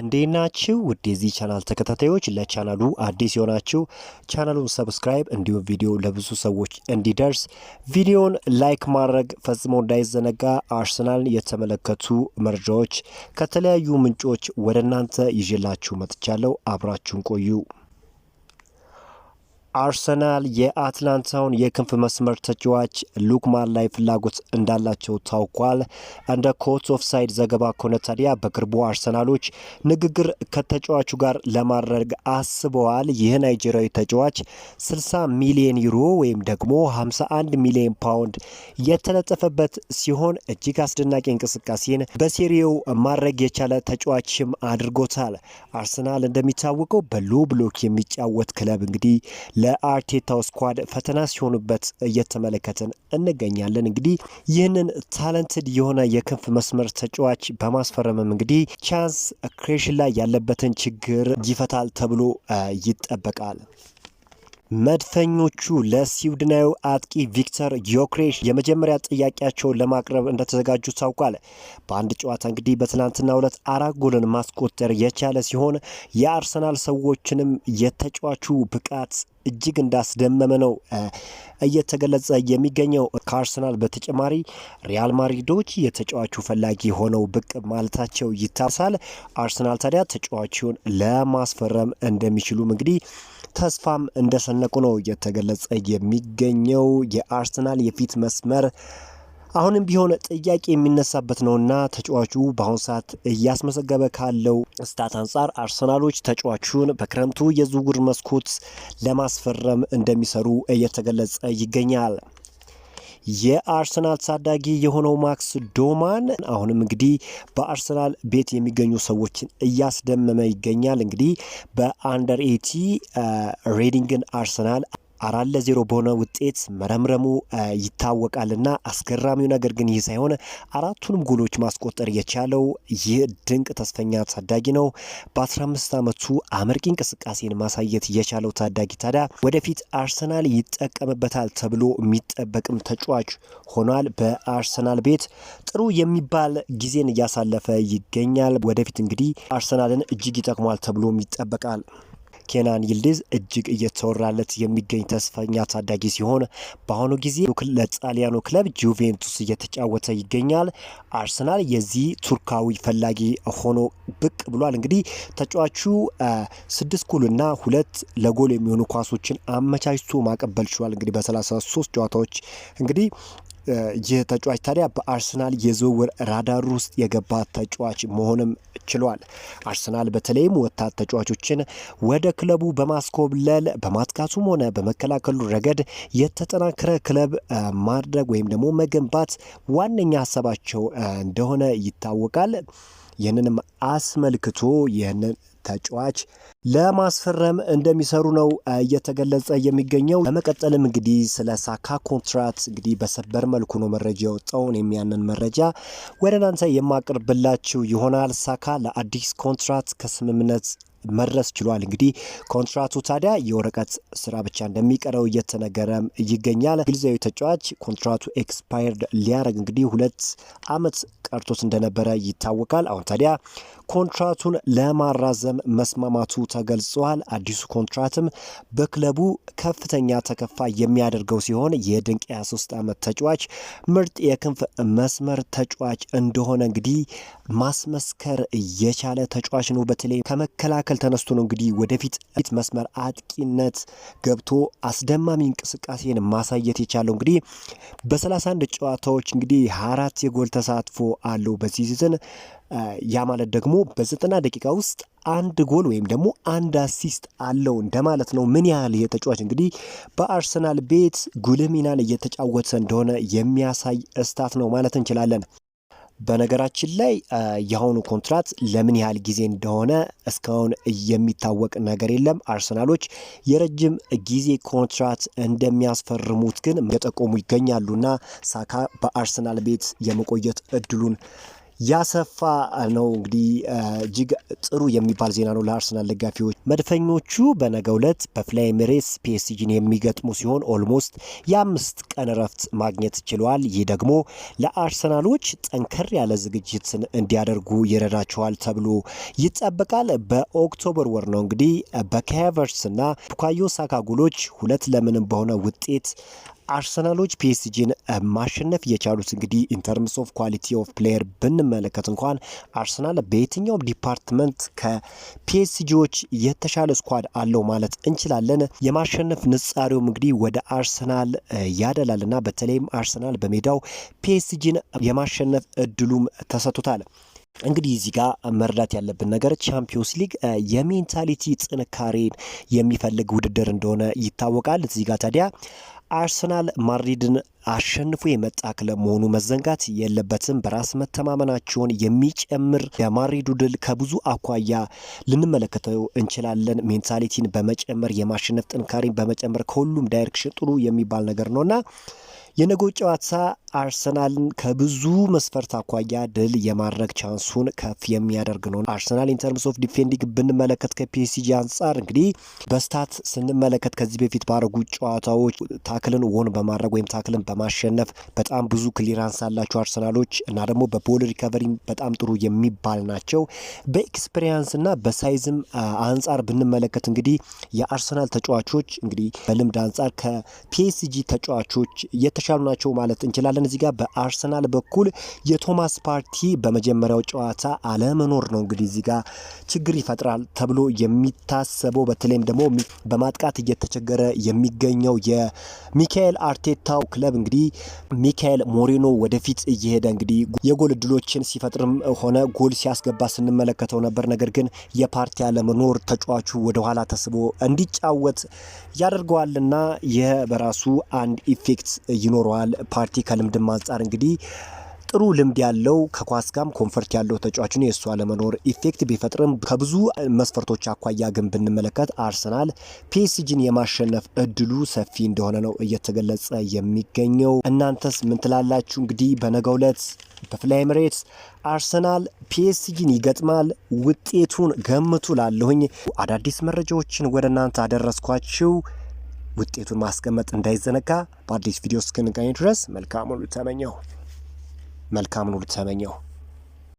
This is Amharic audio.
እንዴት ናችሁ? ውድ የዚህ ቻናል ተከታታዮች፣ ለቻናሉ አዲስ የሆናችሁ ቻናሉን ሰብስክራይብ፣ እንዲሁም ቪዲዮ ለብዙ ሰዎች እንዲደርስ ቪዲዮን ላይክ ማድረግ ፈጽሞ እንዳይዘነጋ። አርሰናልን የተመለከቱ መረጃዎች ከተለያዩ ምንጮች ወደ እናንተ ይዤላችሁ መጥቻለሁ። አብራችሁን ቆዩ። አርሰናል የአትላንታውን የክንፍ መስመር ተጫዋች ሉክማን ላይ ፍላጎት እንዳላቸው ታውቋል። እንደ ኮት ኦፍ ሳይድ ዘገባ ከሆነ ታዲያ በቅርቡ አርሰናሎች ንግግር ከተጫዋቹ ጋር ለማድረግ አስበዋል። ይህ ናይጄሪያዊ ተጫዋች 60 ሚሊዮን ዩሮ ወይም ደግሞ 51 ሚሊዮን ፓውንድ የተለጠፈበት ሲሆን እጅግ አስደናቂ እንቅስቃሴን በሴሪው ማድረግ የቻለ ተጫዋችም አድርጎታል። አርሰናል እንደሚታወቀው በሎ ብሎክ የሚጫወት ክለብ እንግዲህ ለአርቴታው ስኳድ ፈተና ሲሆኑበት እየተመለከትን እንገኛለን። እንግዲህ ይህንን ታለንትድ የሆነ የክንፍ መስመር ተጫዋች በማስፈረምም እንግዲህ ቻንስ ክሬሽን ላይ ያለበትን ችግር ይፈታል ተብሎ ይጠበቃል። መድፈኞቹ ለስዊድናዊ አጥቂ ቪክተር ዮክሬሽ የመጀመሪያ ጥያቄያቸውን ለማቅረብ እንደተዘጋጁ ታውቋል። በአንድ ጨዋታ እንግዲህ በትናንትናው ዕለት አራት ጎልን ማስቆጠር የቻለ ሲሆን የአርሰናል ሰዎችንም የተጫዋቹ ብቃት እጅግ እንዳስደመመ ነው እየተገለጸ የሚገኘው። ከአርሰናል በተጨማሪ ሪያል ማድሪዶች የተጫዋቹ ፈላጊ ሆነው ብቅ ማለታቸው ይታሳል። አርሰናል ታዲያ ተጫዋቹን ለማስፈረም እንደሚችሉም እንግዲህ ተስፋም እንደሰነቁ ነው እየተገለጸ የሚገኘው። የአርሰናል የፊት መስመር አሁንም ቢሆን ጥያቄ የሚነሳበት ነውና ተጫዋቹ በአሁኑ ሰዓት እያስመዘገበ ካለው ስታት አንጻር አርሰናሎች ተጫዋቹን በክረምቱ የዝውውር መስኮት ለማስፈረም እንደሚሰሩ እየተገለጸ ይገኛል። የአርሰናል ታዳጊ የሆነው ማክስ ዶማን አሁንም እንግዲህ በአርሰናል ቤት የሚገኙ ሰዎችን እያስደመመ ይገኛል። እንግዲህ በአንደር ኤቲ ሬዲንግን አርሰናል አራት ለዜሮ በሆነ ውጤት መረምረሙ ይታወቃልና አስገራሚው ነገር ግን ይህ ሳይሆን አራቱንም ጎሎች ማስቆጠር የቻለው ይህ ድንቅ ተስፈኛ ታዳጊ ነው። በ15 ዓመቱ አመርቂ እንቅስቃሴን ማሳየት የቻለው ታዳጊ ታዲያ ወደፊት አርሰናል ይጠቀምበታል ተብሎ የሚጠበቅም ተጫዋች ሆኗል። በአርሰናል ቤት ጥሩ የሚባል ጊዜን እያሳለፈ ይገኛል። ወደፊት እንግዲህ አርሰናልን እጅግ ይጠቅሟል ተብሎም ይጠበቃል። ኬናን ይልዲዝ እጅግ እየተወራለት የሚገኝ ተስፈኛ ታዳጊ ሲሆን በአሁኑ ጊዜ ለጣሊያኑ ክለብ ጁቬንቱስ እየተጫወተ ይገኛል። አርሰናል የዚህ ቱርካዊ ፈላጊ ሆኖ ብቅ ብሏል። እንግዲህ ተጫዋቹ ስድስት ጎልና ሁለት ለጎል የሚሆኑ ኳሶችን አመቻችቶ ማቀበል ችሏል። እንግዲህ በ33 ጨዋታዎች እንግዲህ ይህ ተጫዋች ታዲያ በአርሰናል የዝውውር ራዳር ውስጥ የገባ ተጫዋች መሆንም ችሏል። አርሰናል በተለይም ወጣት ተጫዋቾችን ወደ ክለቡ በማስኮብለል በማጥቃቱም ሆነ በመከላከሉ ረገድ የተጠናከረ ክለብ ማድረግ ወይም ደግሞ መገንባት ዋነኛ ሀሳባቸው እንደሆነ ይታወቃል። ይህንንም አስመልክቶ ይህንን ተጫዋች ለማስፈረም እንደሚሰሩ ነው እየተገለጸ የሚገኘው። ለመቀጠልም እንግዲህ ስለ ሳካ ኮንትራት እንግዲህ በሰበር መልኩ ነው መረጃ የወጣው። እኔም ያንን መረጃ ወደ እናንተ የማቅርብላችሁ ይሆናል። ሳካ ለአዲስ ኮንትራት ከስምምነት መድረስ ችሏል። እንግዲህ ኮንትራቱ ታዲያ የወረቀት ስራ ብቻ እንደሚቀረው እየተነገረም ይገኛል። እንግሊዛዊ ተጫዋች ኮንትራቱ ኤክስፓየርድ ሊያደርግ እንግዲህ ሁለት አመት ቀርቶት እንደነበረ ይታወቃል። አሁን ታዲያ ኮንትራቱን ለማራዘም መስማማቱ ተገልጿል። አዲሱ ኮንትራትም በክለቡ ከፍተኛ ተከፋ የሚያደርገው ሲሆን የድንቅ 23 ዓመት ተጫዋች ምርጥ የክንፍ መስመር ተጫዋች እንደሆነ እንግዲህ ማስመስከር የቻለ ተጫዋች ነው። በተለይ ከመከላከል ተነስቶ ነው እንግዲህ ወደፊት መስመር አጥቂነት ገብቶ አስደማሚ እንቅስቃሴን ማሳየት የቻለው እንግዲህ በ31 ጨዋታዎች እንግዲህ አራት የጎል ተሳትፎ አለው በዚህ ሲዝን። ያ ማለት ደግሞ በዘጠና ደቂቃ ውስጥ አንድ ጎል ወይም ደግሞ አንድ አሲስት አለው እንደማለት ነው። ምን ያህል የተጫዋች እንግዲህ በአርሰናል ቤት ጉልህ ሚናን እየተጫወተ እንደሆነ የሚያሳይ እስታት ነው ማለት እንችላለን። በነገራችን ላይ የአሁኑ ኮንትራት ለምን ያህል ጊዜ እንደሆነ እስካሁን የሚታወቅ ነገር የለም። አርሰናሎች የረጅም ጊዜ ኮንትራት እንደሚያስፈርሙት ግን የጠቆሙ ይገኛሉና ሳካ በአርሰናል ቤት የመቆየት እድሉን ያሰፋ ነው። እንግዲህ እጅግ ጥሩ የሚባል ዜና ነው ለአርሰናል ደጋፊዎች። መድፈኞቹ በነገው ዕለት በፍላይሜሬስ ፒኤስጂን የሚገጥሙ ሲሆን ኦልሞስት የአምስት ቀን እረፍት ማግኘት ችለዋል። ይህ ደግሞ ለአርሰናሎች ጠንከር ያለ ዝግጅትን እንዲያደርጉ ይረዳቸዋል ተብሎ ይጠበቃል። በኦክቶበር ወር ነው እንግዲህ በካቨርስ እና ቡካዮ ሳካ ጎሎች ሁለት ለምንም በሆነ ውጤት አርሰናሎች ፒኤስጂን ማሸነፍ የቻሉት እንግዲህ ኢንተርምስ ኦፍ ኳሊቲ ኦፍ ፕሌየር ብንመለከት እንኳን አርሰናል በየትኛውም ዲፓርትመንት ከፒኤስጂዎች የተሻለ ስኳድ አለው ማለት እንችላለን። የማሸነፍ ንጻሬውም እንግዲህ ወደ አርሰናል ያደላልና በተለይም አርሰናል በሜዳው ፒኤስጂን የማሸነፍ እድሉም ተሰጥቶታል። እንግዲህ እዚህ ጋር መረዳት ያለብን ነገር ቻምፒዮንስ ሊግ የሜንታሊቲ ጥንካሬን የሚፈልግ ውድድር እንደሆነ ይታወቃል። እዚህ ጋር ታዲያ አርሰናል ማድሪድን አሸንፎ የመጣ ክለብ መሆኑ መዘንጋት የለበትም። በራስ መተማመናቸውን የሚጨምር የማድሪዱ ድል ከብዙ አኳያ ልንመለከተው እንችላለን። ሜንታሊቲን በመጨመር የማሸነፍ ጥንካሬን በመጨመር ከሁሉም ዳይሬክሽን ጥሩ የሚባል ነገር ነውና የነገው ጨዋታ አርሰናልን ከብዙ መስፈርት አኳያ ድል የማድረግ ቻንሱን ከፍ የሚያደርግ ነው። አርሰናል ኢንተርምስ ኦፍ ዲፌንዲንግ ብንመለከት ከፒኤስጂ አንጻር እንግዲህ በስታት ስንመለከት ከዚህ በፊት ባረጉ ጨዋታዎች ታክልን ወን በማድረግ ወይም ታክልን በማሸነፍ በጣም ብዙ ክሊራንስ አላቸው አርሰናሎች እና ደግሞ በቦል ሪከቨሪ በጣም ጥሩ የሚባል ናቸው። በኤክስፔሪንስ እና በሳይዝም አንጻር ብንመለከት እንግዲህ የአርሰናል ተጫዋቾች እንግዲህ በልምድ አንጻር ከፒኤስጂ ተጫዋቾች የተሻሉ ናቸው ማለት እንችላለን። እዚህ ጋር በአርሰናል በኩል የቶማስ ፓርቲ በመጀመሪያው ጨዋታ አለመኖር ነው እንግዲህ እዚህ ጋር ችግር ይፈጥራል ተብሎ የሚታሰበው በተለይም ደግሞ በማጥቃት እየተቸገረ የሚገኘው የሚካኤል አርቴታው ክለብ እንግዲህ ሚካኤል ሞሬኖ ወደፊት እየሄደ እንግዲህ የጎል እድሎችን ሲፈጥርም ሆነ ጎል ሲያስገባ ስንመለከተው ነበር። ነገር ግን የፓርቲ አለመኖር ተጫዋቹ ወደኋላ ተስቦ እንዲጫወት ያደርገዋልና ይህ በራሱ አንድ ኢፌክት ይኖረዋል። ፓርቲ ከልምድም አንጻር እንግዲህ ጥሩ ልምድ ያለው ከኳስ ጋም ኮንፈርት ያለው ተጫዋች ነው። የእሱ አለመኖር ኢፌክት ቢፈጥርም ከብዙ መስፈርቶች አኳያ ግን ብንመለከት አርሰናል ፒኤስጂን የማሸነፍ እድሉ ሰፊ እንደሆነ ነው እየተገለጸ የሚገኘው። እናንተስ ምን ትላላችሁ? እንግዲህ በነገው ዕለት በፍላይ ኤሚሬትስ አርሰናል ፒኤስጂን ይገጥማል። ውጤቱን ገምቱ ላለሁኝ አዳዲስ መረጃዎችን ወደ እናንተ አደረስኳችሁ። ውጤቱን ማስቀመጥ እንዳይዘነጋ። በአዲስ ቪዲዮ እስክንገኝ ድረስ መልካሙን ተመኘው። መልካም ኑር ተመኘው።